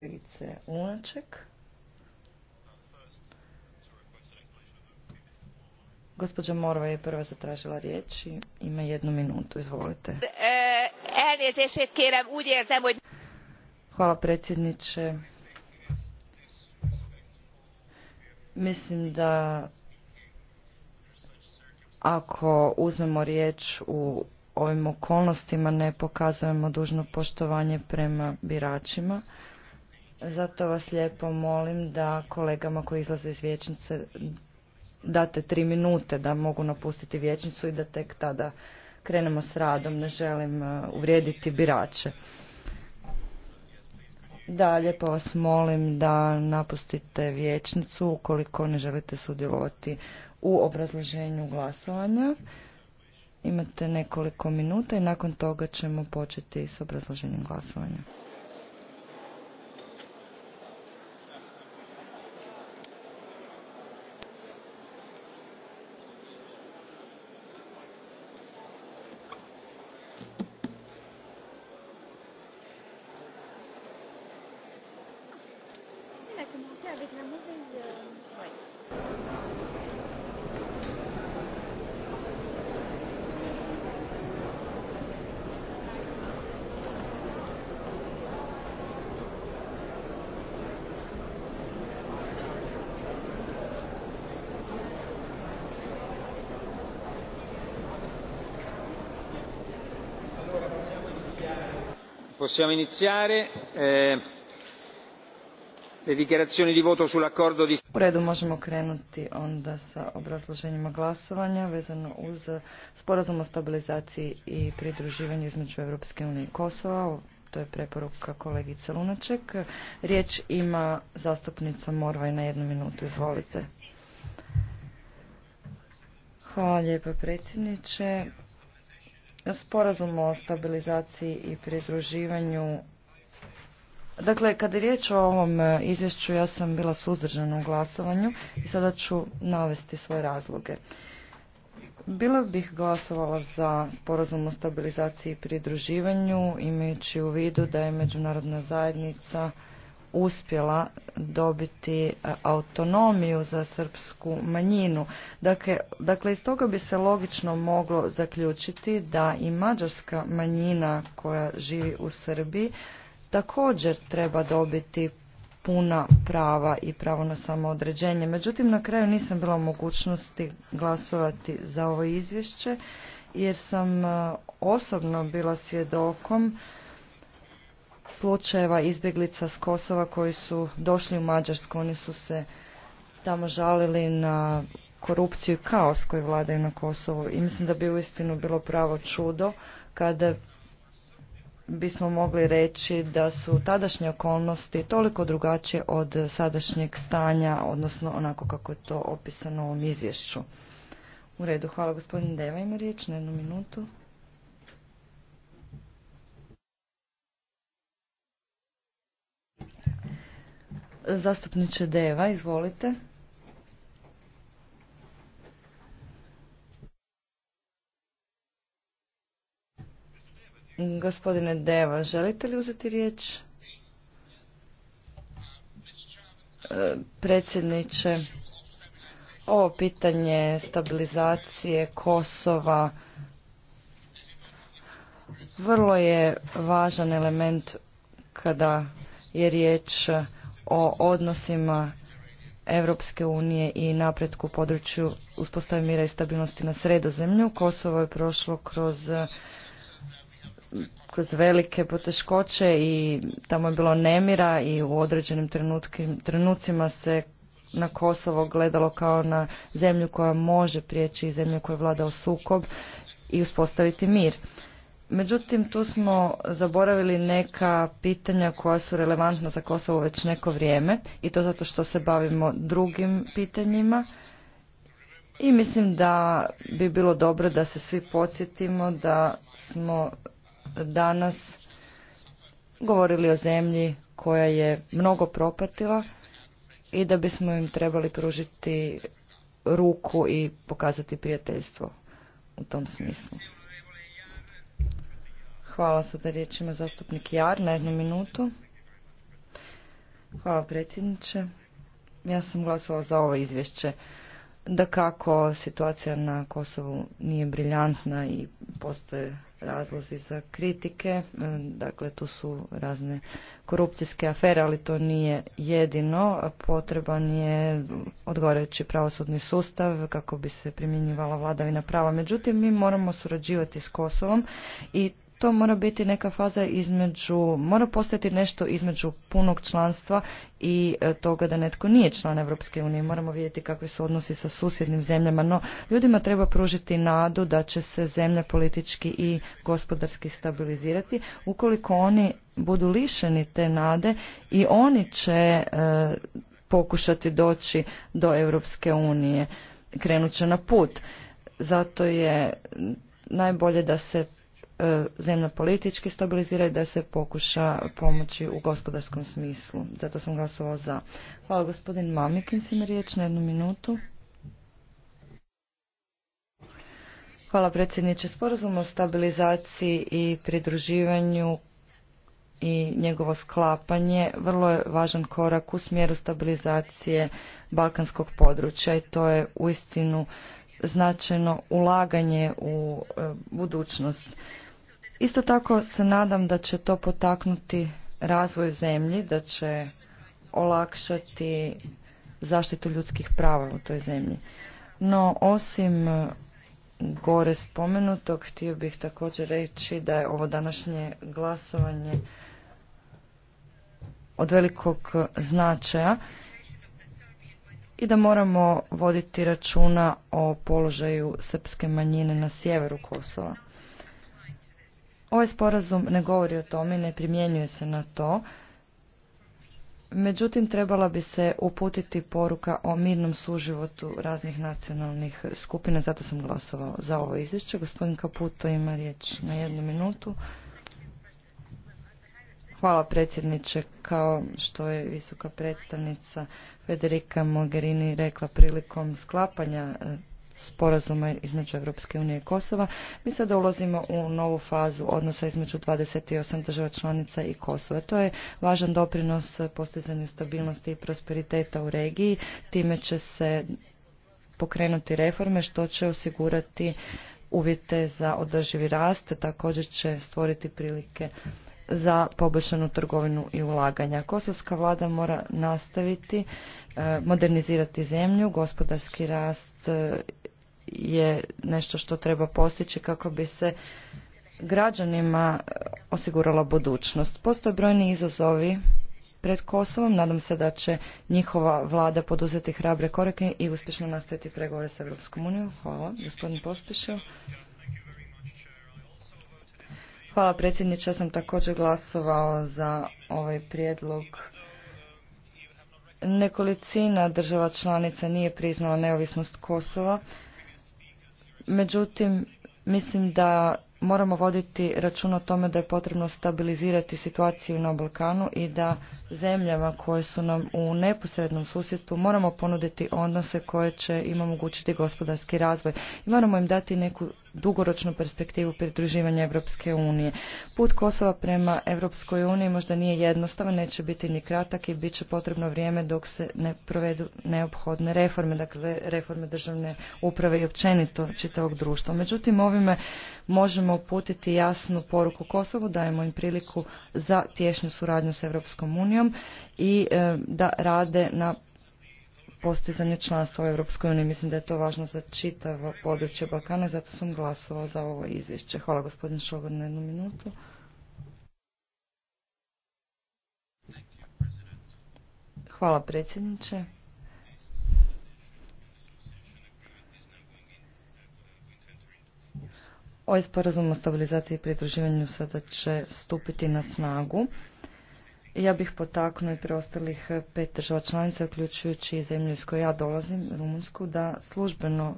kolegice Unaček. Gospođa Morva je prva zatražila riječ i ima jednu minutu. Izvolite. E, Hvala predsjedniče. Mislim da ako uzmemo riječ u ovim okolnostima ne pokazujemo dužno poštovanje prema biračima. Zato vas lijepo molim da kolegama koji izlaze iz vječnice date tri minute da mogu napustiti vječnicu i da tek tada krenemo s radom. Ne želim e, uvrijediti birače. Da, lijepo vas molim da napustite vječnicu ukoliko ne želite sudjelovati u obrazloženju glasovanja. Imate nekoliko minuta i nakon toga ćemo početi s obrazloženjem glasovanja. possiamo iniziare eh, le dichiarazioni di voto sull'accordo di U redu možemo krenuti onda sa obrazloženjima glasovanja vezano uz sporazum o stabilizaciji i pridruživanju između Europske unije i Kosova. To je preporuka kolegice Lunaček. Riječ ima zastupnica Morvaj na jednu minutu. Izvolite. Hvala lijepa predsjedniče sporazum o stabilizaciji i pridruživanju. Dakle, kada je riječ o ovom e, izvješću, ja sam bila suzdržana u glasovanju i sada ću navesti svoje razloge. Bilo bih glasovala za sporazum o stabilizaciji i pridruživanju, imajući u vidu da je međunarodna zajednica uspjela dobiti e, autonomiju za srpsku manjinu. Dakle, dakle, iz toga bi se logično moglo zaključiti da i mađarska manjina koja živi u Srbiji također treba dobiti puna prava i pravo na samoodređenje. Međutim, na kraju nisam bila u mogućnosti glasovati za ovo izvješće jer sam e, osobno bila svjedokom slučajeva izbjeglica s Kosova koji su došli u Mađarsku. Oni su se tamo žalili na korupciju i kaos koji vladaju na Kosovu. I mislim da bi uistinu bilo pravo čudo kada bismo mogli reći da su tadašnje okolnosti toliko drugačije od sadašnjeg stanja, odnosno onako kako je to opisano u ovom izvješću. U redu, hvala gospodin Deva, ima riječ na jednu minutu. Zastupniče Deva, izvolite. Gospodine Deva, želite li uzeti riječ? E, predsjedniče, ovo pitanje stabilizacije Kosova vrlo je važan element kada je riječ o odnosima Europske unije i napretku u području uspostave mira i stabilnosti na sredozemlju. Kosovo je prošlo kroz kroz velike poteškoće i tamo je bilo nemira i u određenim trenucima se na Kosovo gledalo kao na zemlju koja može prijeći i zemlju koja vlada u sukob i uspostaviti mir. Međutim, tu smo zaboravili neka pitanja koja su relevantna za Kosovo već neko vrijeme i to zato što se bavimo drugim pitanjima. I mislim da bi bilo dobro da se svi podsjetimo da smo danas govorili o zemlji koja je mnogo propatila i da bismo im trebali pružiti ruku i pokazati prijateljstvo u tom smislu. Hvala sada riječima zastupnik Jar na jednu minutu. Hvala predsjedniče. Ja sam glasovala za ovo izvješće. Da kako situacija na Kosovu nije briljantna i postoje razlozi za kritike, dakle tu su razne korupcijske afere, ali to nije jedino. Potreban je odgovarajući pravosudni sustav kako bi se primjenjivala vladavina prava. Međutim, mi moramo surađivati s Kosovom i to mora biti neka faza između, mora postati nešto između punog članstva i e, toga da netko nije član Evropske unije. Moramo vidjeti kakvi su odnosi sa susjednim zemljama, no ljudima treba pružiti nadu da će se zemlja politički i gospodarski stabilizirati. Ukoliko oni budu lišeni te nade i oni će e, pokušati doći do Evropske unije, krenut će na put. Zato je najbolje da se E, zemlja politički stabilizira i da se pokuša pomoći u gospodarskom smislu. Zato sam glasovao za. Hvala gospodin Mamikin, si mi riječ na jednu minutu. Hvala predsjedniče. Sporazum o stabilizaciji i pridruživanju i njegovo sklapanje vrlo je važan korak u smjeru stabilizacije balkanskog područja i to je uistinu značajno ulaganje u e, budućnost. Isto tako se nadam da će to potaknuti razvoj zemlji, da će olakšati zaštitu ljudskih prava u toj zemlji. No, osim e, gore spomenutog, htio bih također reći da je ovo današnje glasovanje od velikog značaja i da moramo voditi računa o položaju srpske manjine na sjeveru Kosova. Ovaj sporazum ne govori o tome i ne primjenjuje se na to. Međutim, trebala bi se uputiti poruka o mirnom suživotu raznih nacionalnih skupina, zato sam glasovao za ovo izvješće. Gospodin Kaputo ima riječ na jednu minutu. Hvala predsjedniče, kao što je visoka predstavnica Federica Mogherini rekla prilikom sklapanja sporazuma između Europske unije i Kosova. Mi sada ulazimo u novu fazu odnosa između 28 država članica i Kosova. To je važan doprinos postizanju stabilnosti i prosperiteta u regiji. Time će se pokrenuti reforme što će osigurati uvjete za održivi rast, također će stvoriti prilike za poboljšanu trgovinu i ulaganja. Kosovska vlada mora nastaviti eh, modernizirati zemlju, gospodarski rast eh, je nešto što treba postići kako bi se građanima osigurala budućnost. Postoje brojni izazovi pred Kosovom. Nadam se da će njihova vlada poduzeti hrabre korake i uspješno nastaviti pregovore sa Europskom unijom. Hvala, gospodin Pospišev. Hvala predsjedniče, ja sam također glasovao za ovaj prijedlog. Nekolicina država članica nije priznala neovisnost Kosova. Međutim, mislim da moramo voditi račun o tome da je potrebno stabilizirati situaciju na Balkanu i da zemljama koje su nam u neposrednom susjedstvu moramo ponuditi odnose koje će im omogućiti gospodarski razvoj. I moramo im dati neku dugoročnu perspektivu pridruživanja Europske unije. Put Kosova prema Europskoj uniji možda nije jednostavan, neće biti ni kratak i bit će potrebno vrijeme dok se ne provedu neophodne reforme, dakle reforme državne uprave i općenito čitavog društva. Međutim, ovime možemo uputiti jasnu poruku Kosovu, dajemo im priliku za tješnju suradnju s Europskom unijom i e, da rade na postizanju članstva u Europskoj uniji. Mislim da je to važno za čitavo područje Balkana i zato sam glasovao za ovo izvješće. Hvala gospodin Šogor na jednu minutu. Hvala predsjedniče. Ovaj sporazum o stabilizaciji i pridruživanju sada će stupiti na snagu. Ja bih potaknuo i preostalih eh, pet država članica, uključujući i zemlju iz koje ja dolazim, Rumunsku, da službeno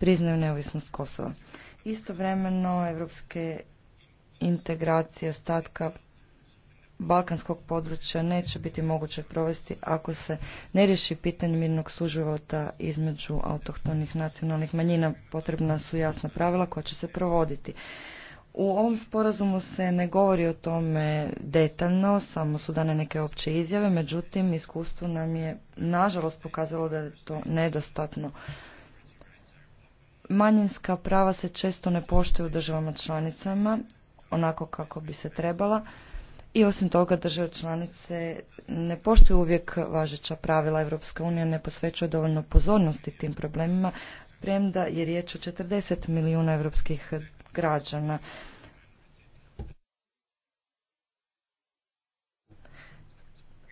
priznaju neovisnost Kosova. Istovremeno, evropske integracije ostatka balkanskog područja neće biti moguće provesti ako se ne riješi pitanje mirnog suživota između autohtonih nacionalnih manjina. Potrebna su jasna pravila koja će se provoditi. U ovom sporazumu se ne govori o tome detaljno, samo su dane neke opće izjave, međutim iskustvo nam je nažalost pokazalo da je to nedostatno. Manjinska prava se često ne poštuju u državama članicama, onako kako bi se trebala, i osim toga države članice ne poštuju uvijek važeća pravila Europske unije, ne posvećuje dovoljno pozornosti tim problemima, premda je riječ o 40 milijuna europskih građana.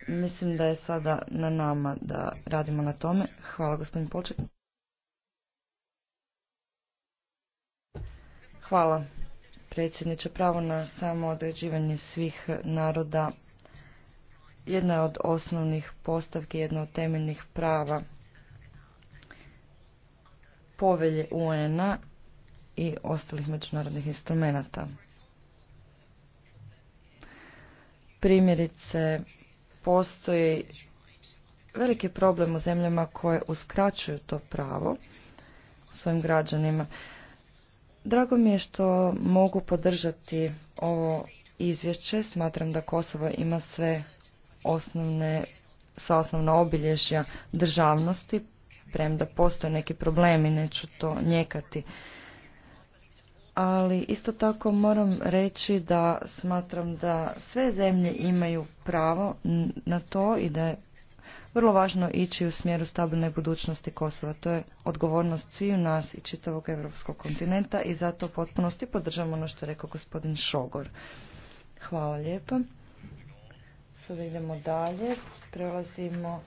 Mislim da je sada na nama da radimo na tome. Hvala gospodin početnik. Hvala predsjedniče. Pravo na samoodređivanje svih naroda jedna je od osnovnih postavki, jedna od temeljnih prava povelje UN-a i ostalih međunarodnih instrumenata. Primjerice, postoji veliki problem u zemljama koje uskraćuju to pravo svojim građanima. Drago mi je što mogu podržati ovo izvješće. Smatram da Kosovo ima sve osnovne, sa osnovna obilježja državnosti, premda postoje neki problemi, neću to njekati ali isto tako moram reći da smatram da sve zemlje imaju pravo na to i da je vrlo važno ići u smjeru stabilne budućnosti Kosova. To je odgovornost sviju nas i čitavog evropskog kontinenta i zato u potpunosti podržamo ono što je rekao gospodin Šogor. Hvala lijepa. Sada idemo dalje. Prelazimo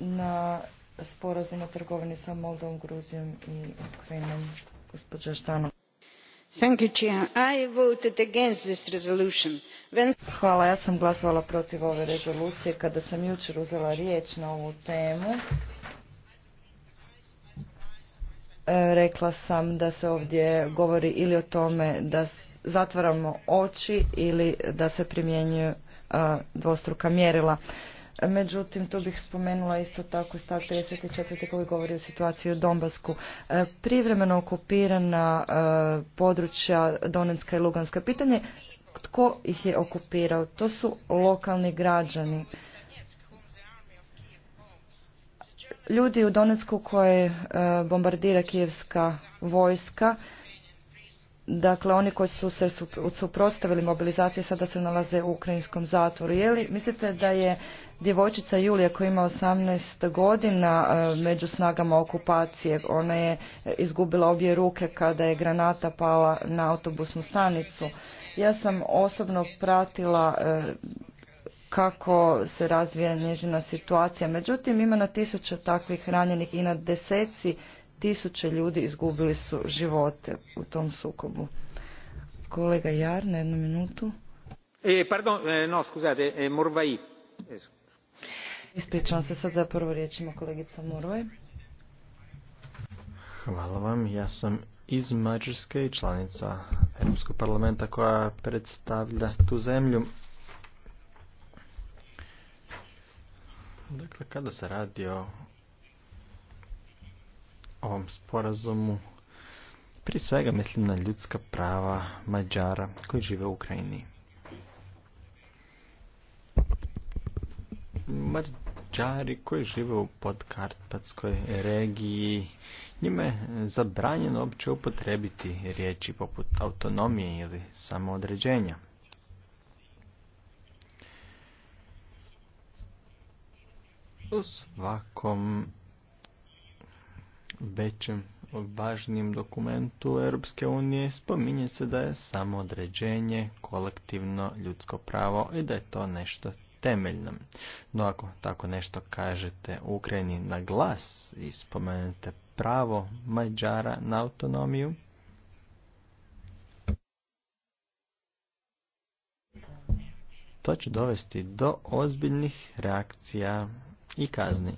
na sporazum o trgovini sa Moldovom, Gruzijom i Ukrajinom. Gospodin Štano. Hvala, ja sam glasovala protiv ove rezolucije kada sam jučer uzela riječ na ovu temu. E, rekla sam da se ovdje govori ili o tome da zatvaramo oči ili da se primjenjuju e, dvostruka mjerila. Međutim, tu bih spomenula isto tako stav 34. koji govori o situaciji u Donbasku. E, privremeno okupirana e, područja Donetska i Luganska. Pitanje tko ih je okupirao? To su lokalni građani. Ljudi u Donetsku koje e, bombardira kijevska vojska Dakle, oni koji su se suprotstavili mobilizaciji sada se nalaze u ukrajinskom zatvoru. Je li, mislite da je djevojčica Julija koja ima 18 godina e, među snagama okupacije, ona je izgubila obje ruke kada je granata pala na autobusnu stanicu. Ja sam osobno pratila e, kako se razvija njezina situacija. Međutim, ima na tisuće takvih ranjenih i na deseci tisuće ljudi izgubili su živote u tom sukobu. Kolega Jar, na jednu minutu. E, pardon, e, no, e, e, Ispričavam se sad za prvo riječima kolegica Morvaj. Hvala vam, ja sam iz Mađarske i članica Europskog parlamenta koja predstavlja tu zemlju. Dakle, kada se radi o ovom sporazumu. Prije svega mislim na ljudska prava Mađara koji žive u Ukrajini. Mađari koji žive u podkarpatskoj regiji, njima je zabranjeno uopće upotrebiti riječi poput autonomije ili samoodređenja. U svakom većem važnim dokumentu Europske unije spominje se da je samo određenje kolektivno ljudsko pravo i da je to nešto temeljno. No ako tako nešto kažete Ukrajini na glas i spomenete pravo Mađara na autonomiju, to će dovesti do ozbiljnih reakcija i kazni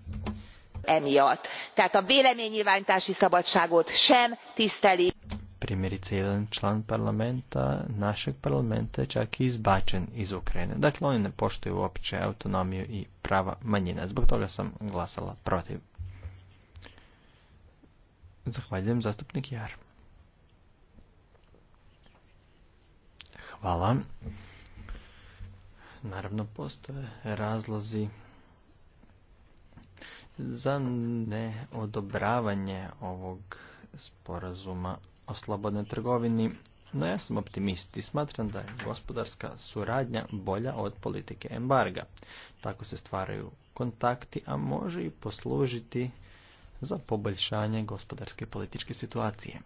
emiatt. tehát a véleménynyilvántási szabadságot sem tiszteli. Primjerice jedan član parlamenta, našeg parlamenta je čak i izbačen iz Ukrajine. Dakle, oni ne poštuju uopće autonomiju i prava manjina. Zbog toga sam glasala protiv. Zahvaljujem zastupnik Jar. Hvala. Naravno, postoje razlozi za neodobravanje ovog sporazuma o slobodnoj trgovini, no ja sam optimist i smatram da je gospodarska suradnja bolja od politike embarga. Tako se stvaraju kontakti, a može i poslužiti za poboljšanje gospodarske političke situacije.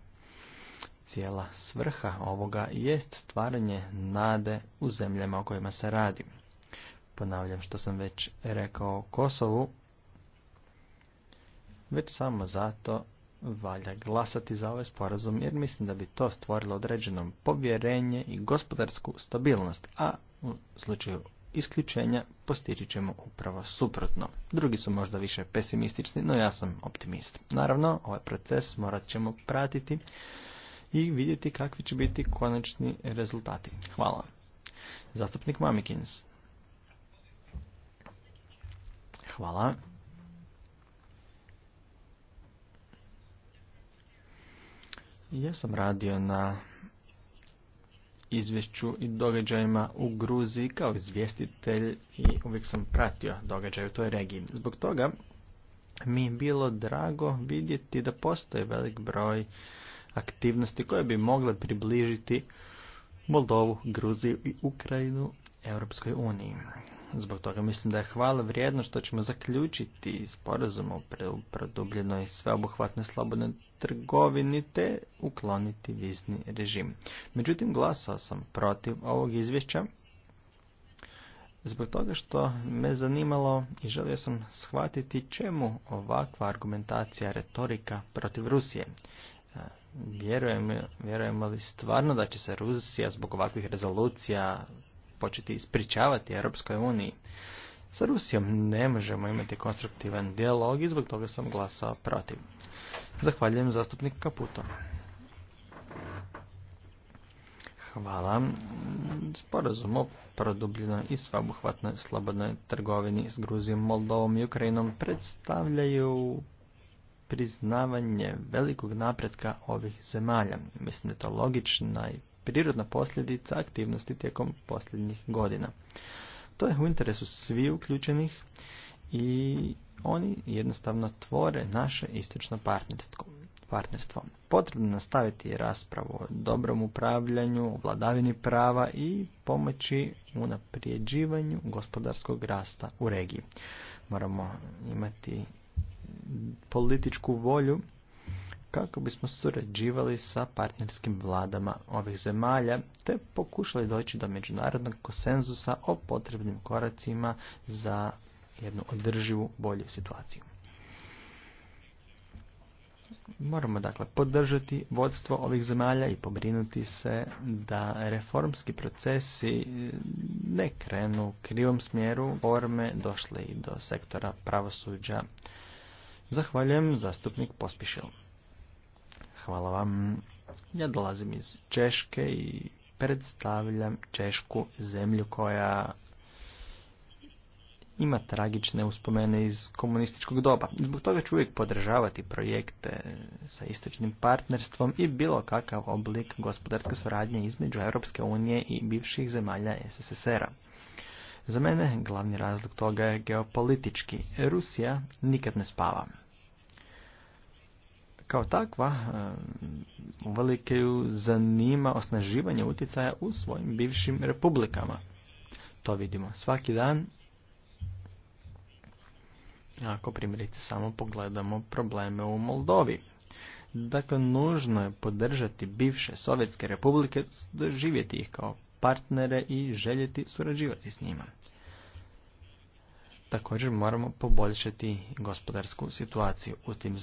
Cijela svrha ovoga jest stvaranje nade u zemljama o kojima se radi. Ponavljam što sam već rekao o Kosovu, već samo zato valja glasati za ovaj sporazum jer mislim da bi to stvorilo određeno povjerenje i gospodarsku stabilnost, a u slučaju isključenja postići ćemo upravo suprotno. Drugi su možda više pesimistični, no ja sam optimist. Naravno, ovaj proces morat ćemo pratiti i vidjeti kakvi će biti konačni rezultati. Hvala. Zastupnik Mamikins. Hvala. Ja sam radio na izvješću i događajima u Gruziji kao izvjestitelj i uvijek sam pratio događaje u toj regiji. Zbog toga mi je bilo drago vidjeti da postoji velik broj aktivnosti koje bi mogle približiti Moldovu, Gruziju i Ukrajinu Europskoj uniji. Zbog toga mislim da je hvala vrijedno što ćemo zaključiti sporazum o produbljenoj sveobuhvatnoj slobodnoj trgovini te ukloniti vizni režim. Međutim, glasao sam protiv ovog izvješća zbog toga što me zanimalo i želio sam shvatiti čemu ovakva argumentacija retorika protiv Rusije. E, vjerujem, vjerujemo li stvarno da će se Rusija zbog ovakvih rezolucija početi ispričavati Europskoj uniji. Sa Rusijom ne možemo imati konstruktivan dijalog i zbog toga sam glasao protiv. Zahvaljujem zastupnik Kaputo. Hvala. Sporazum o produbljenoj i svabuhvatnoj slobodnoj trgovini s Gruzijom, Moldovom i Ukrajinom predstavljaju priznavanje velikog napretka ovih zemalja. Mislim da je to logična i prirodna posljedica aktivnosti tijekom posljednjih godina. To je u interesu svi uključenih i oni jednostavno tvore naše istočno partnerstvo. partnerstvo. Potrebno nastaviti raspravu o dobrom upravljanju, vladavini prava i pomoći u naprijeđivanju gospodarskog rasta u regiji. Moramo imati političku volju kako bismo surađivali sa partnerskim vladama ovih zemalja te pokušali doći do međunarodnog konsenzusa o potrebnim koracima za jednu održivu bolju situaciju. Moramo dakle podržati vodstvo ovih zemalja i pobrinuti se da reformski procesi ne krenu u krivom smjeru forme došle i do sektora pravosuđa. Zahvaljujem zastupnik Pospišil. Hvala vam. Ja dolazim iz Češke i predstavljam Češku zemlju koja ima tragične uspomene iz komunističkog doba. Zbog toga ću uvijek podržavati projekte sa istočnim partnerstvom i bilo kakav oblik gospodarske suradnje između Europske unije i bivših zemalja SSSR-a. Za mene glavni razlog toga je geopolitički. Rusija nikad ne spava. Kao takva, eh, uvelike ju zanima osnaživanje utjecaja u svojim bivšim republikama. To vidimo svaki dan. Ako primjerice samo pogledamo probleme u Moldovi. Dakle, nužno je podržati bivše sovjetske republike, doživjeti ih kao partnere i željeti surađivati s njima također moramo poboljšati gospodarsku situaciju u tim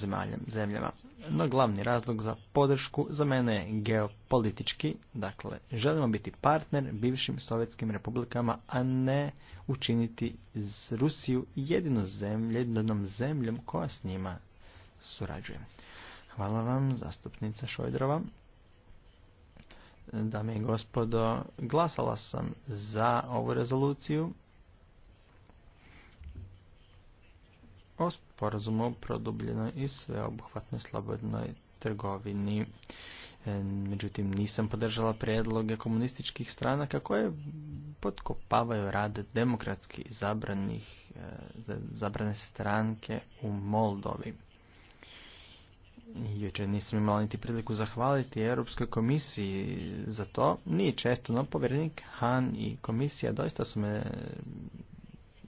zemljama. No glavni razlog za podršku za mene je geopolitički, dakle želimo biti partner bivšim sovjetskim republikama, a ne učiniti z Rusiju jedinu zemlju, jedinom zemljom koja s njima surađuje. Hvala vam, zastupnica Šojdrova. Dame i gospodo, glasala sam za ovu rezoluciju o sporazumu o produbljenoj i sveobuhvatnoj slobodnoj trgovini. E, međutim, nisam podržala prijedloge komunističkih stranaka koje potkopavaju rad demokratski e, zabrane stranke u Moldovi. Jučer nisam imala niti priliku zahvaliti Europskoj komisiji za to. Nije često, no povjerenik Han i komisija doista su me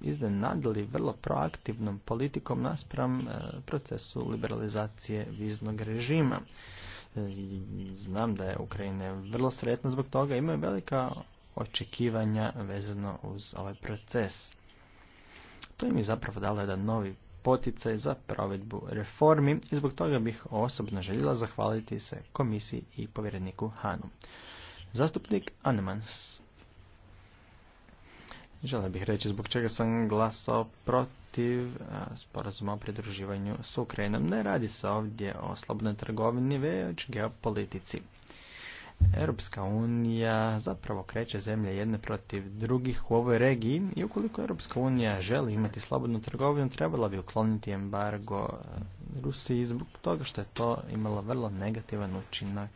iznenadili vrlo proaktivnom politikom naspram e, procesu liberalizacije viznog režima. E, znam da je Ukrajina vrlo sretna zbog toga, imaju velika očekivanja vezano uz ovaj proces. To im je zapravo dalo jedan novi poticaj za provedbu reformi i zbog toga bih osobno željela zahvaliti se komisiji i povjereniku Hanu. Zastupnik Anemans. Žele bih reći zbog čega sam glasao protiv e, sporazuma o pridruživanju s Ukrajinom. Ne radi se ovdje o slobodnoj trgovini, već geopolitici. Europska unija zapravo kreće zemlje jedne protiv drugih u ovoj regiji i ukoliko Europska unija želi imati slobodnu trgovinu, trebala bi ukloniti embargo e, Rusiji zbog toga što je to imalo vrlo negativan učinak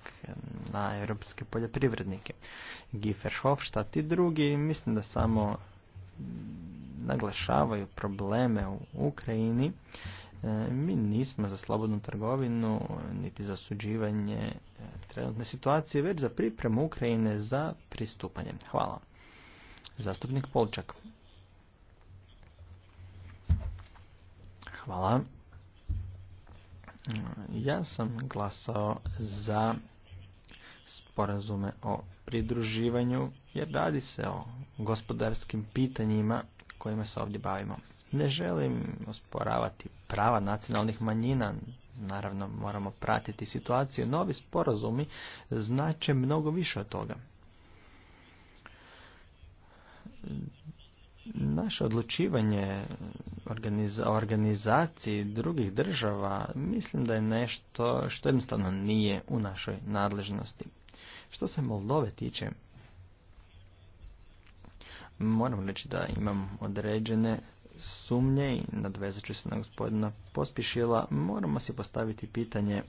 na europske poljoprivrednike. Giefer Hofstadt i drugi mislim da samo naglašavaju probleme u Ukrajini, e, mi nismo za slobodnu trgovinu niti za suđivanje e, trenutne situacije, već za pripremu Ukrajine za pristupanje. Hvala. Zastupnik Polčak. Hvala. Ja sam glasao za sporazume o pridruživanju jer radi se o gospodarskim pitanjima kojima se ovdje bavimo. Ne želim osporavati prava nacionalnih manjina, naravno moramo pratiti situaciju, novi sporazumi znače mnogo više od toga. Naše odlučivanje o organizaciji drugih država mislim da je nešto što jednostavno nije u našoj nadležnosti. Što se Moldove tiče, Moram reći da imam određene sumnje i nadvezat ću se na gospodina Pospišila. Moramo si postaviti pitanje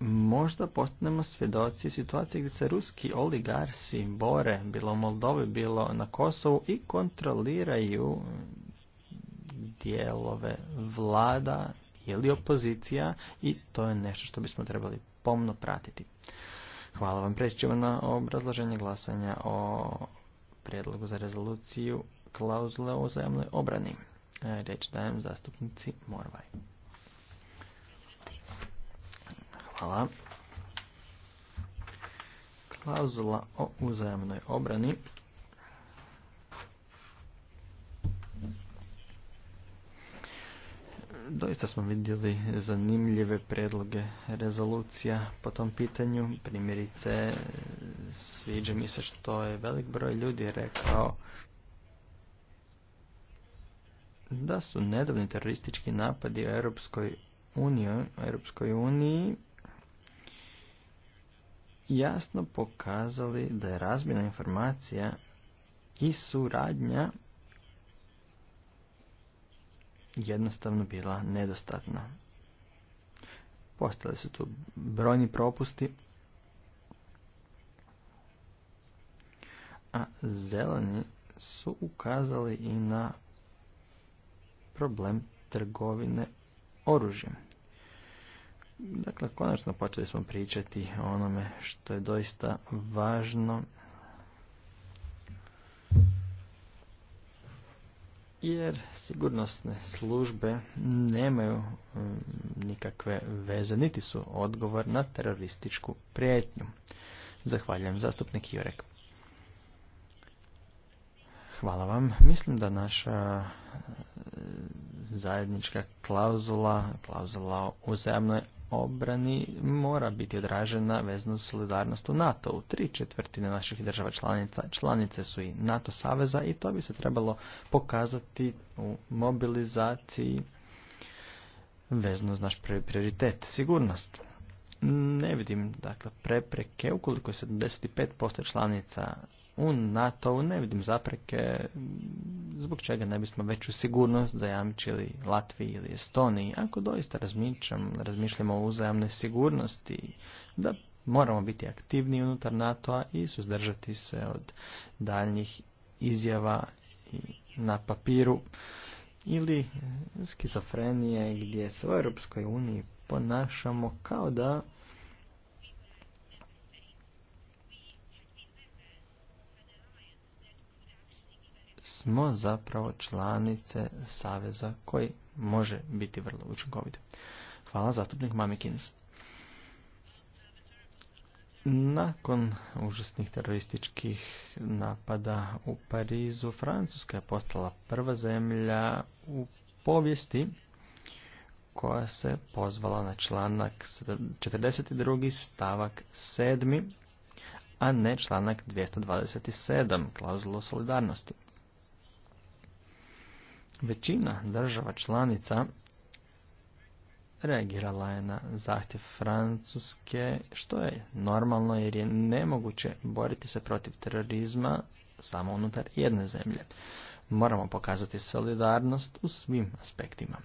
možda postanemo svjedoci situacije gdje se ruski oligarsi bore, bilo u Moldovi, bilo na Kosovu i kontroliraju dijelove vlada ili opozicija i to je nešto što bismo trebali pomno pratiti. Hvala vam. Preći ćemo na obrazloženje glasanja o prijedlogu za rezoluciju klauzule o uzajamnoj obrani. E, reč dajem zastupnici Morvaj. Hvala. Klauzula o uzajamnoj obrani Doista smo vidjeli zanimljive predloge rezolucija po tom pitanju. Primjerice, sviđa mi se što je velik broj ljudi rekao da su nedavni teroristički napadi u Europskoj uniji, Europskoj uniji jasno pokazali da je razmjena informacija i suradnja jednostavno bila nedostatna. Postali su tu brojni propusti, a zeleni su ukazali i na problem trgovine oružjem. Dakle, konačno počeli smo pričati o onome što je doista važno jer sigurnosne službe nemaju mm, nikakve veze, niti su odgovor na terorističku prijetnju. Zahvaljujem zastupnik Jurek. Hvala vam. Mislim da naša e, zajednička klauzula, klauzula o uzajamnoj obrani mora biti odražena vezno solidarnost u NATO. U tri četvrtine naših država članica, članice su i NATO saveza i to bi se trebalo pokazati u mobilizaciji vezno uz naš prioritet, sigurnost. Ne vidim dakle, prepreke ukoliko je 75% članica u nato ne vidim zapreke zbog čega ne bismo veću sigurnost zajamčili Latviji ili Estoniji. Ako doista razmišljamo o uzajamnoj sigurnosti, da moramo biti aktivni unutar NATO-a i suzdržati se od daljnjih izjava na papiru ili skizofrenije gdje se u Europskoj uniji ponašamo kao da smo zapravo članice saveza koji može biti vrlo učinkovit. Hvala zastupnik Mamikins. Nakon užasnih terorističkih napada u Parizu, Francuska je postala prva zemlja u povijesti koja se pozvala na članak 42. stavak 7. a ne članak 227. klauzulu solidarnosti. Većina država članica reagirala je na zahtjev Francuske, što je normalno jer je nemoguće boriti se protiv terorizma samo unutar jedne zemlje. Moramo pokazati solidarnost u svim aspektima.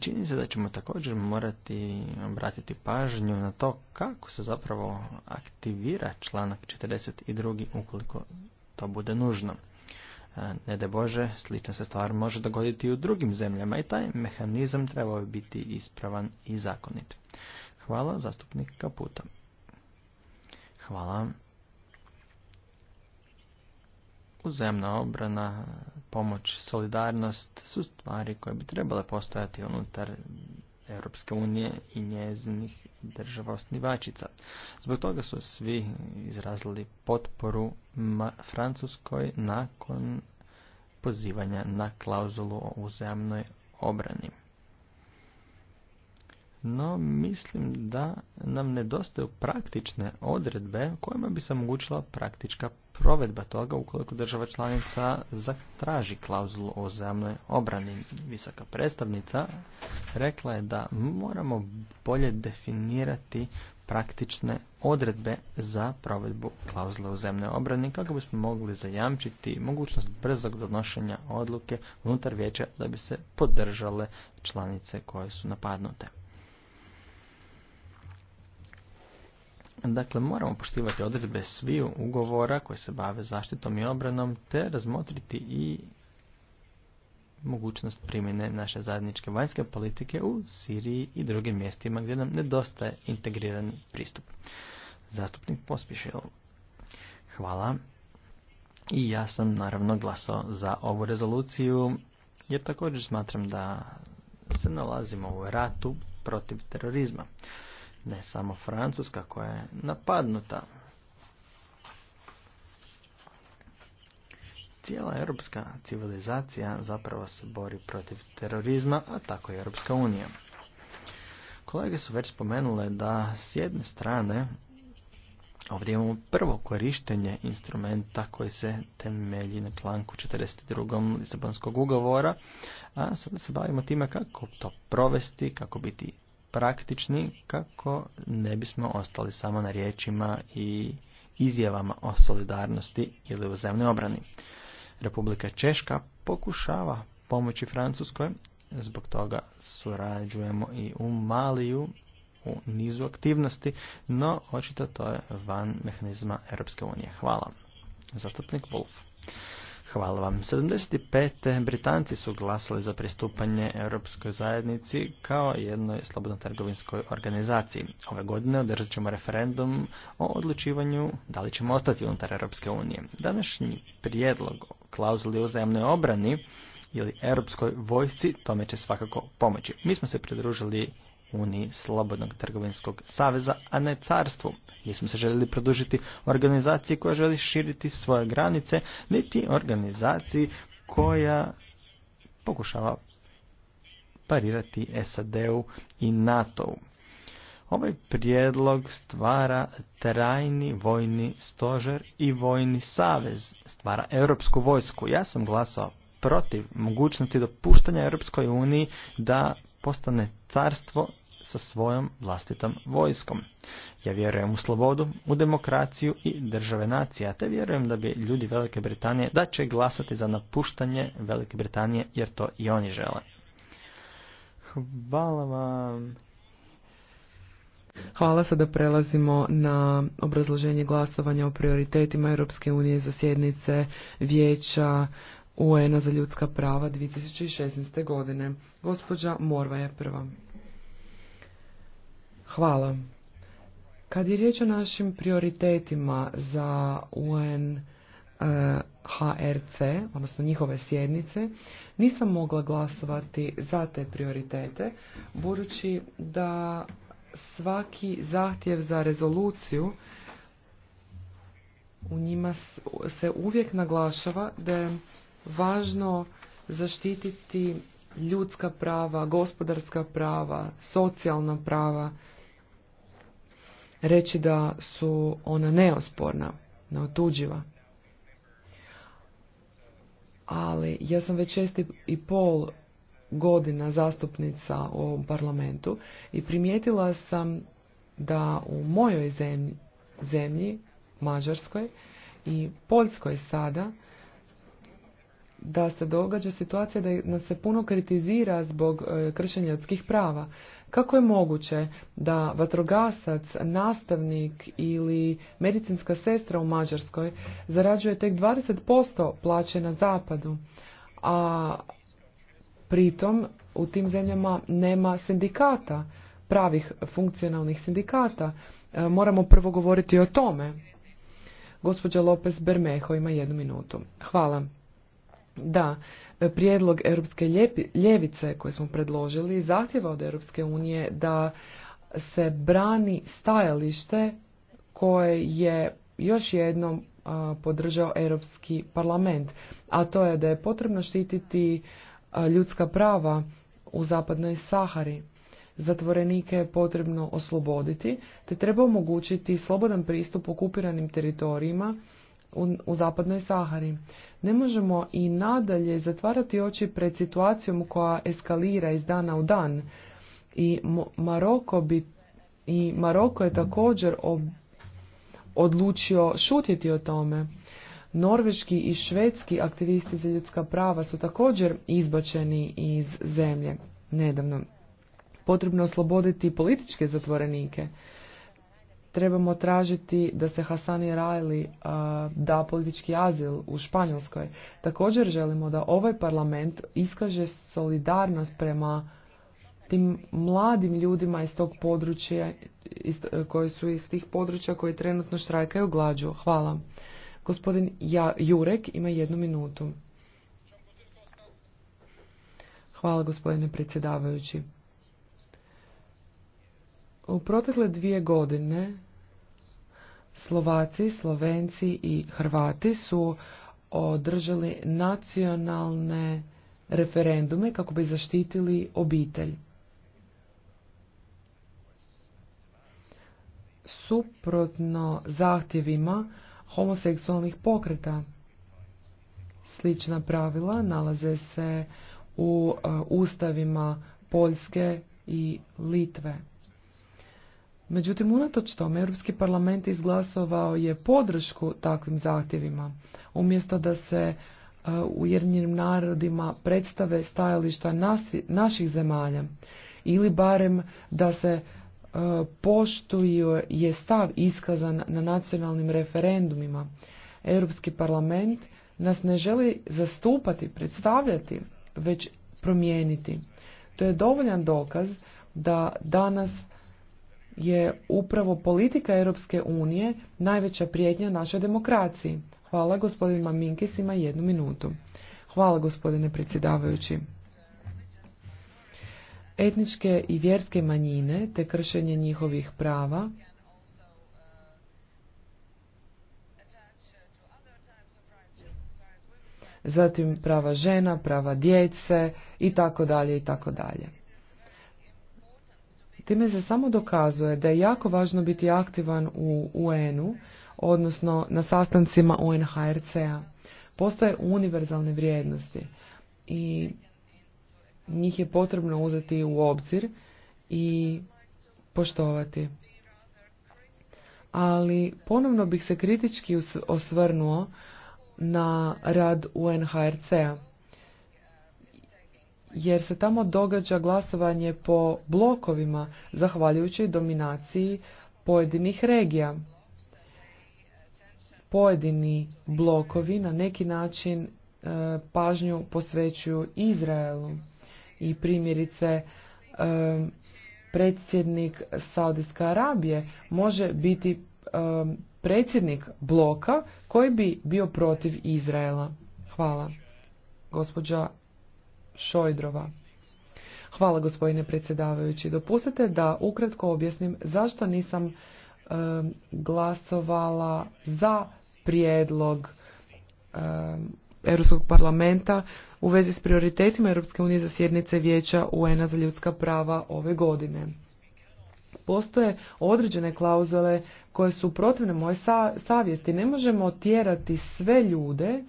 Čini se da ćemo također morati obratiti pažnju na to kako se zapravo aktivira članak 42. ukoliko to bude nužno. E, ne da Bože, slična se stvar može dogoditi i u drugim zemljama i taj mehanizam trebao biti ispravan i zakonit. Hvala zastupnik Kaputa. Hvala. Uzemna obrana, pomoć, solidarnost su stvari koje bi trebale postojati unutar Europske unije i njezinih država osnivačica. Zbog toga su svi izrazili potporu Francuskoj nakon pozivanja na klauzulu o uzemnoj obrani. No, mislim da nam nedostaju praktične odredbe kojima bi se omogućila praktička provedba toga ukoliko država članica zatraži klauzulu o zemnoj obrani. Visoka predstavnica rekla je da moramo bolje definirati praktične odredbe za provedbu klauzule o zemlje obrani kako bismo mogli zajamčiti mogućnost brzog donošenja odluke unutar vijeća da bi se podržale članice koje su napadnute. Dakle, moramo poštivati odredbe sviju ugovora koje se bave zaštitom i obranom, te razmotriti i mogućnost primjene naše zajedničke vanjske politike u Siriji i drugim mjestima gdje nam nedostaje integriran pristup. Zastupnik pospišio. Hvala. I ja sam naravno glasao za ovu rezoluciju jer također smatram da se nalazimo u ratu protiv terorizma ne samo Francuska koja je napadnuta. Cijela europska civilizacija zapravo se bori protiv terorizma, a tako i Europska unija. Kolege su već spomenule da s jedne strane ovdje imamo prvo korištenje instrumenta koji se temelji na članku 42. Lisabonskog ugovora, a sada se bavimo time kako to provesti, kako biti praktični kako ne bismo ostali samo na riječima i izjavama o solidarnosti ili zemlje obrani. Republika Češka pokušava pomoći Francuskoj, zbog toga surađujemo i u Maliju u nizu aktivnosti, no očito to je van mehanizma Europske unije. Hvala. Zastupnik Wolf. Hvala vam. 75. Britanci su glasali za pristupanje Europskoj zajednici kao jednoj slobodno-trgovinskoj organizaciji. Ove godine održat ćemo referendum o odlučivanju da li ćemo ostati unutar Europske unije. Današnji prijedlog o klauzuli uzajamnoj obrani ili Europskoj vojsci tome će svakako pomoći. Mi smo se pridružili uniji Slobodnog trgovinskog saveza, a ne carstvu. Nismo se željeli produžiti organizaciji koja želi širiti svoje granice, niti organizaciji koja pokušava parirati SAD-u i NATO-u. Ovaj prijedlog stvara trajni vojni stožer i vojni savez, stvara europsku vojsku. Ja sam glasao protiv mogućnosti dopuštanja Europskoj uniji da postane carstvo sa svojom vlastitom vojskom. Ja vjerujem u slobodu, u demokraciju i države nacija, te vjerujem da bi ljudi Velike Britanije da će glasati za napuštanje Velike Britanije jer to i oni žele. Hvala vam. Hvala, sada prelazimo na obrazloženje glasovanja o prioritetima Europske unije za sjednice vijeća un za ljudska prava 2016. godine. Gospođa Morva je prva. Hvala. Kad je riječ o našim prioritetima za UN e, HRC, odnosno njihove sjednice, nisam mogla glasovati za te prioritete, budući da svaki zahtjev za rezoluciju u njima se uvijek naglašava da je važno zaštititi ljudska prava, gospodarska prava, socijalna prava, reći da su ona neosporna, neotuđiva. Ali ja sam već šest i pol godina zastupnica u ovom parlamentu i primijetila sam da u mojoj zemlji, zemlji Mađarskoj i Poljskoj sada, da se događa situacija da nas se puno kritizira zbog e, kršenja ljudskih prava. Kako je moguće da vatrogasac, nastavnik ili medicinska sestra u Mađarskoj zarađuje tek 20% plaće na zapadu, a pritom u tim zemljama nema sindikata, pravih funkcionalnih sindikata? E, moramo prvo govoriti o tome. Gospođa Lopez Bermeho ima jednu minutu. Hvala da prijedlog europske ljevice koje smo predložili zahtjeva od Europske unije da se brani stajalište koje je još jednom podržao Europski parlament, a to je da je potrebno štititi ljudska prava u zapadnoj Sahari. Zatvorenike je potrebno osloboditi, te treba omogućiti slobodan pristup okupiranim teritorijima u, zapadnoj Sahari. Ne možemo i nadalje zatvarati oči pred situacijom koja eskalira iz dana u dan i Maroko bi i Maroko je također ob, odlučio šutjeti o tome. Norveški i švedski aktivisti za ljudska prava su također izbačeni iz zemlje nedavno. Potrebno osloboditi političke zatvorenike trebamo tražiti da se Hasani Raili uh, da politički azil u Španjolskoj. Također želimo da ovaj parlament iskaže solidarnost prema tim mladim ljudima iz tog područja, uh, koji su iz tih područja koji trenutno štrajkaju glađu. Hvala. Gospodin ja, Jurek ima jednu minutu. Hvala gospodine predsjedavajući. U protekle dvije godine Slovaci, Slovenci i Hrvati su održali nacionalne referendume kako bi zaštitili obitelj. Suprotno zahtjevima homoseksualnih pokreta slična pravila nalaze se u e, ustavima Poljske i Litve. Međutim, unatoč tome, Europski parlament izglasovao je podršku takvim zahtjevima, umjesto da se uh, narodima predstave stajališta naših zemalja, ili barem da se e, poštuju je stav iskazan na nacionalnim referendumima. Europski parlament nas ne želi zastupati, predstavljati, već promijeniti. To je dovoljan dokaz da danas je upravo politika Europske unije najveća prijetnja našoj demokraciji. Hvala gospodin Maminkis, ima jednu minutu. Hvala gospodine predsjedavajući. Etničke i vjerske manjine te kršenje njihovih prava zatim prava žena, prava djece i tako dalje i tako dalje. Time se samo dokazuje da je jako važno biti aktivan u UN-u, odnosno na sastancima UNHRC-a. Postoje univerzalne vrijednosti i njih je potrebno uzeti u obzir i poštovati. Ali ponovno bih se kritički osvrnuo na rad UNHRC-a jer se tamo događa glasovanje po blokovima zahvaljujući dominaciji pojedinih regija. Pojedini blokovi na neki način e, pažnju posvećuju Izraelu i primjerice e, predsjednik Saudijske Arabije može biti e, predsjednik bloka koji bi bio protiv Izraela. Hvala. Gospođa Šojdrova. Hvala gospodine predsjedavajući. Dopustite da ukratko objasnim zašto nisam e, glasovala za prijedlog e, Europskog parlamenta u vezi s prioritetima Europske unije za sjednice vijeća UN-a za ljudska prava ove godine. Postoje određene klauzule koje su protivne moje savjesti. Ne možemo tjerati sve ljude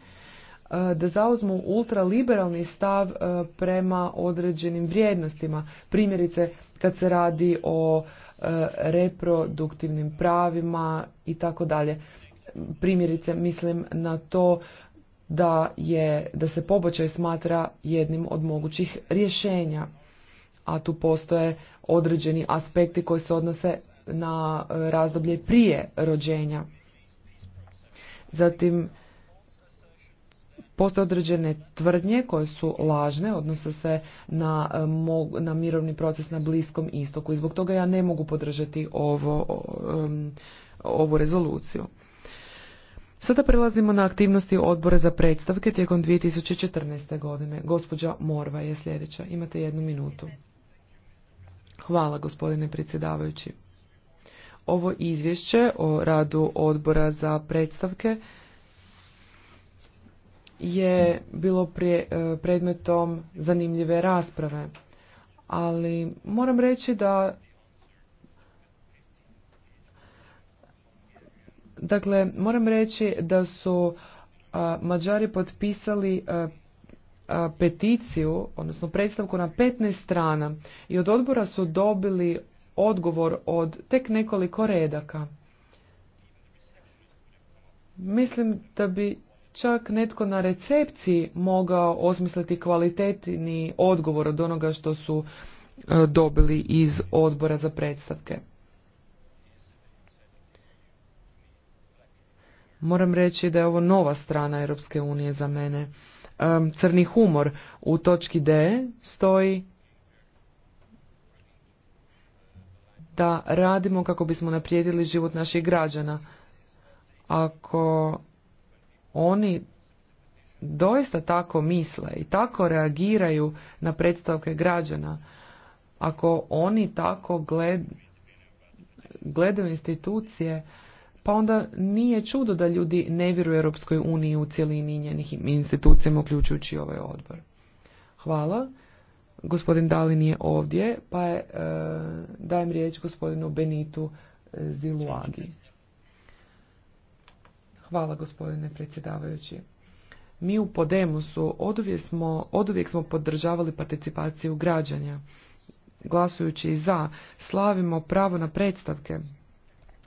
da zauzmu ultraliberalni stav e, prema određenim vrijednostima. Primjerice kad se radi o e, reproduktivnim pravima i tako dalje. Primjerice mislim na to da, je, da se pobačaj smatra jednim od mogućih rješenja. A tu postoje određeni aspekti koji se odnose na e, razdoblje prije rođenja. Zatim Postoje određene tvrdnje koje su lažne, odnose se na, e, na mirovni proces na Bliskom istoku i zbog toga ja ne mogu podržati ovo, ovu rezoluciju. Sada prelazimo na aktivnosti odbora za predstavke tijekom 2014. godine. Gospođa Morva je sljedeća. Imate jednu minutu. Hvala, gospodine predsjedavajući. Ovo izvješće o radu odbora za predstavke je bilo e, predmetom zanimljive rasprave. Ali moram reći da Dakle, moram reći da su Mađari potpisali peticiju, odnosno predstavku na 15 strana i od odbora su dobili odgovor od tek nekoliko redaka. Mislim da bi čak netko na recepciji mogao osmisliti kvalitetni odgovor od onoga što su e, dobili iz odbora za predstavke. Moram reći da je ovo nova strana Europske unije za mene. Crni humor u točki D stoji da radimo kako bismo naprijedili život naših građana. Ako oni doista tako misle i tako reagiraju na predstavke građana, ako oni tako gled, gledaju institucije, pa onda nije čudo da ljudi ne vjeruju Europskoj uniji u cjelini i njenih institucijama, uključujući ovaj odbor. Hvala. Gospodin Dalin je ovdje, pa je, dajem riječ gospodinu Benitu Ziluagi. Hvala gospodine predsjedavajući. Mi u Podemusu oduvijek smo, oduvijek smo podržavali participaciju građanja. Glasujući za, slavimo pravo na predstavke.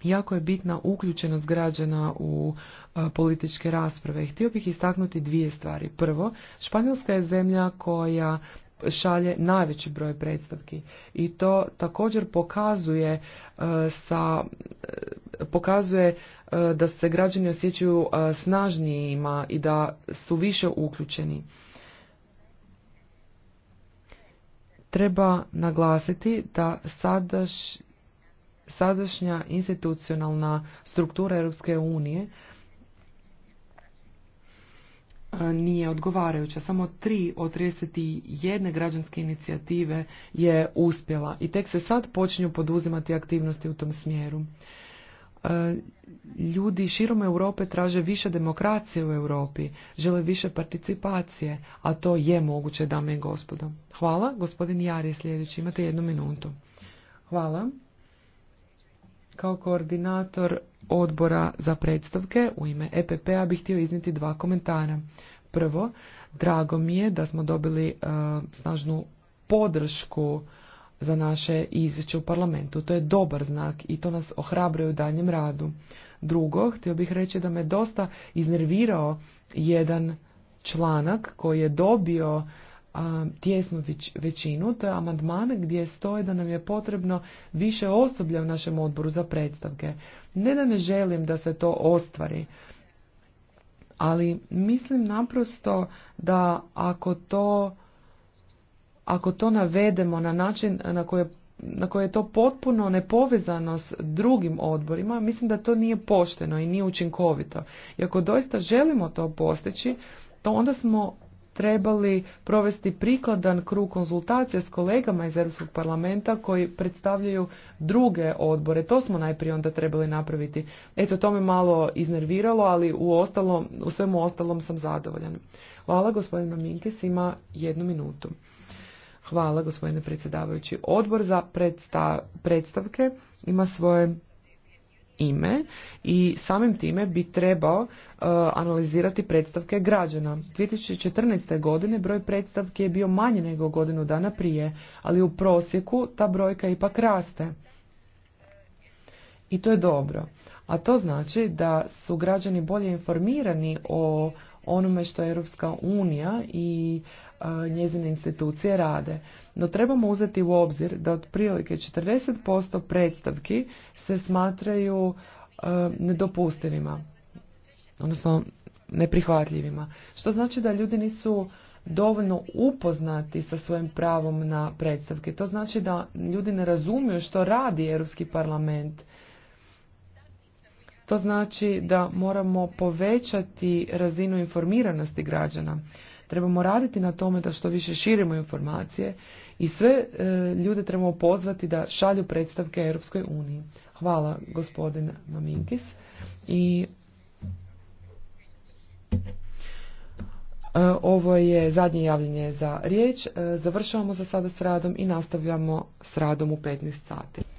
Jako je bitna uključenost građana u e, političke rasprave. Htio bih istaknuti dvije stvari. Prvo, Španjolska je zemlja koja šalje najveći broj predstavki i to također pokazuje e, sa e, pokazuje e, da se građani osjećaju snažnijima i da su više uključeni. Treba naglasiti da sadaš, sadašnja institucionalna struktura Europske unije nije odgovarajuća. Samo tri od 31 građanske inicijative je uspjela i tek se sad počinju poduzimati aktivnosti u tom smjeru. Ljudi širom Europe traže više demokracije u Europi, žele više participacije, a to je moguće, dame i gospodo. Hvala, gospodin Jari je sljedeći, imate jednu minutu. Hvala. Kao koordinator odbora za predstavke u ime EPP-a bih htio izniti dva komentara. Prvo, drago mi je da smo dobili e, snažnu podršku za naše izvješće u parlamentu. To je dobar znak i to nas ohrabruje u daljem radu. Drugo, htio bih reći da me dosta iznervirao jedan članak koji je dobio tjesnu većinu, to je amandman gdje stoje da nam je potrebno više osoblja u našem odboru za predstavke. Ne da ne želim da se to ostvari, ali mislim naprosto da ako to, ako to navedemo na način na koji na koje je to potpuno nepovezano s drugim odborima, mislim da to nije pošteno i nije učinkovito. I ako doista želimo to postići, to onda smo trebali provesti prikladan krug konzultacije s kolegama iz Europskog parlamenta koji predstavljaju druge odbore. To smo najprije onda trebali napraviti. Eto, to me malo iznerviralo, ali u, ostalom, u svemu ostalom sam zadovoljan. Hvala, gospodina Minkes ima jednu minutu. Hvala, gospodine predsjedavajući. Odbor za predstavke ima svoje ime i samim time bi trebao e, analizirati predstavke građana. 2014. godine broj predstavki je bio manji nego godinu dana prije, ali u prosjeku ta brojka ipak raste. I to je dobro. A to znači da su građani bolje informirani o onome što je Europska unija i njezine institucije rade. No trebamo uzeti u obzir da otprilike 40% predstavki se smatraju nedopustivima, odnosno neprihvatljivima. Što znači da ljudi nisu dovoljno upoznati sa svojim pravom na predstavke. To znači da ljudi ne razumiju što radi Europski parlament. To znači da moramo povećati razinu informiranosti građana. Trebamo raditi na tome da što više širimo informacije i sve e, ljude trebamo pozvati da šalju predstavke Europskoj uniji. Hvala gospodin Maminkis i e, Ovo je zadnje javljanje za riječ. E, završavamo za sada s radom i nastavljamo s radom u 15 sati.